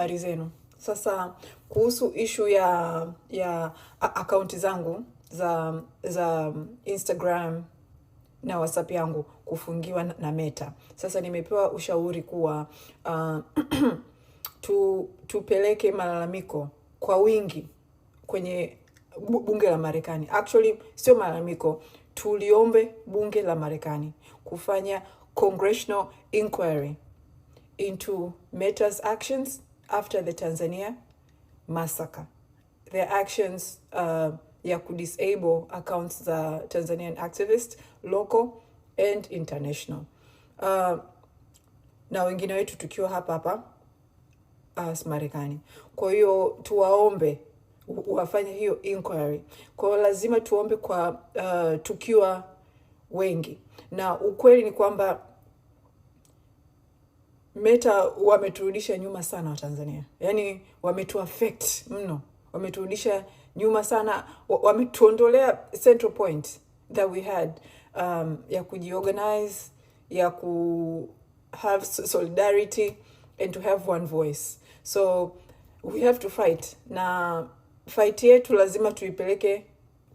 habari zenu. Sasa kuhusu ishu ya ya akaunti zangu za za Instagram na WhatsApp yangu kufungiwa na Meta. Sasa nimepewa ushauri kuwa uh, tu, tupeleke malalamiko kwa wingi kwenye bunge la Marekani. Actually sio malalamiko, tuliombe bunge la Marekani kufanya congressional inquiry into Meta's actions after the Tanzania massacre. Their actions uh, ya kudisable accounts za Tanzanian activists local and international. Uh, na wengine wetu tukiwa hapa hapa as Marekani. Kwa hiyo tuwaombe wafanye hiyo inquiry. Kwa hiyo lazima tuombe kwa uh, tukiwa wengi, na ukweli ni kwamba Meta wameturudisha nyuma sana Watanzania, yaani wametuafect mno, wameturudisha nyuma sana, wametuondolea central point that we had um, ya kujiorganize ya ku have solidarity and to have one voice, so we have to fight, na fight yetu lazima tuipeleke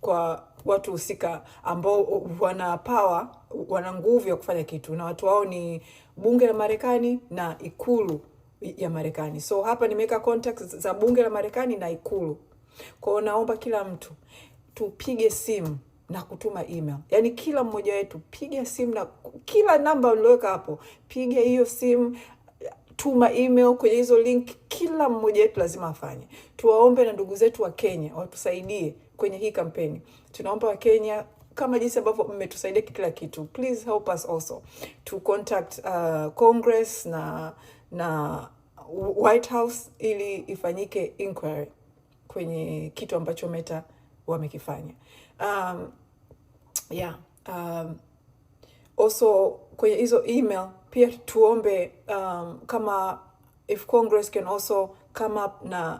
kwa watu husika ambao wana power, wana nguvu ya kufanya kitu, na watu wao ni bunge la Marekani na ikulu ya Marekani. So hapa nimeweka contacts za bunge la Marekani na ikulu. kwao naomba kila mtu tupige simu na kutuma email. Yaani kila mmoja wetu piga simu na kila namba ulioweka hapo, piga hiyo simu, tuma email kwenye hizo link kila mmoja wetu lazima afanye. Tuwaombe na ndugu zetu wa Kenya watusaidie kwenye hii kampeni. Tunaomba Wakenya kama jinsi ambavyo mmetusaidia kila kitu, please help us also to contact uh, Congress na na White House ili ifanyike inquiry kwenye kitu ambacho Meta wamekifanya. Um, yeah, um, also kwenye hizo email pia tuombe um, kama if Congress can also come up na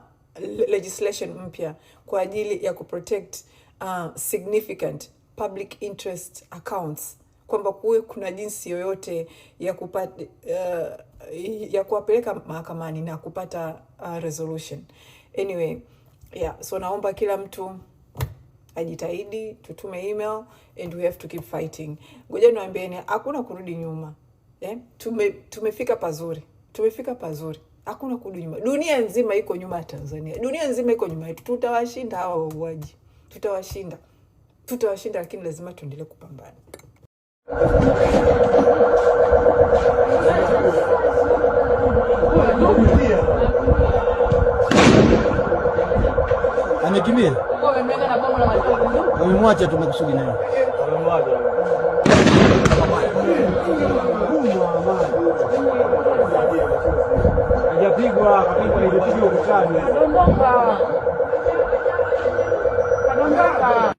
legislation mpya kwa ajili ya kuprotect uh, significant public interest accounts, kwamba kuwe kuna jinsi yoyote ya kupata uh, ya kuwapeleka mahakamani na kupata uh, resolution anyway. Yeah, so naomba kila mtu ajitahidi, tutume email and we have to keep fighting. Ngoja niwaambieni, hakuna kurudi nyuma eh? Tume, tumefika pazuri tumefika pazuri, hakuna kurudi nyuma. Dunia nzima iko nyuma ya Tanzania, dunia nzima iko nyuma yetu. Tutawashinda hawa wauaji, tutawashinda, tutawashinda, lakini lazima tuendelee kupambana. Amekimbia, amemwacha tumekusudi makusudi naye kapigwa kapigwa ile pigo ukutani, kadondoka kadondoka.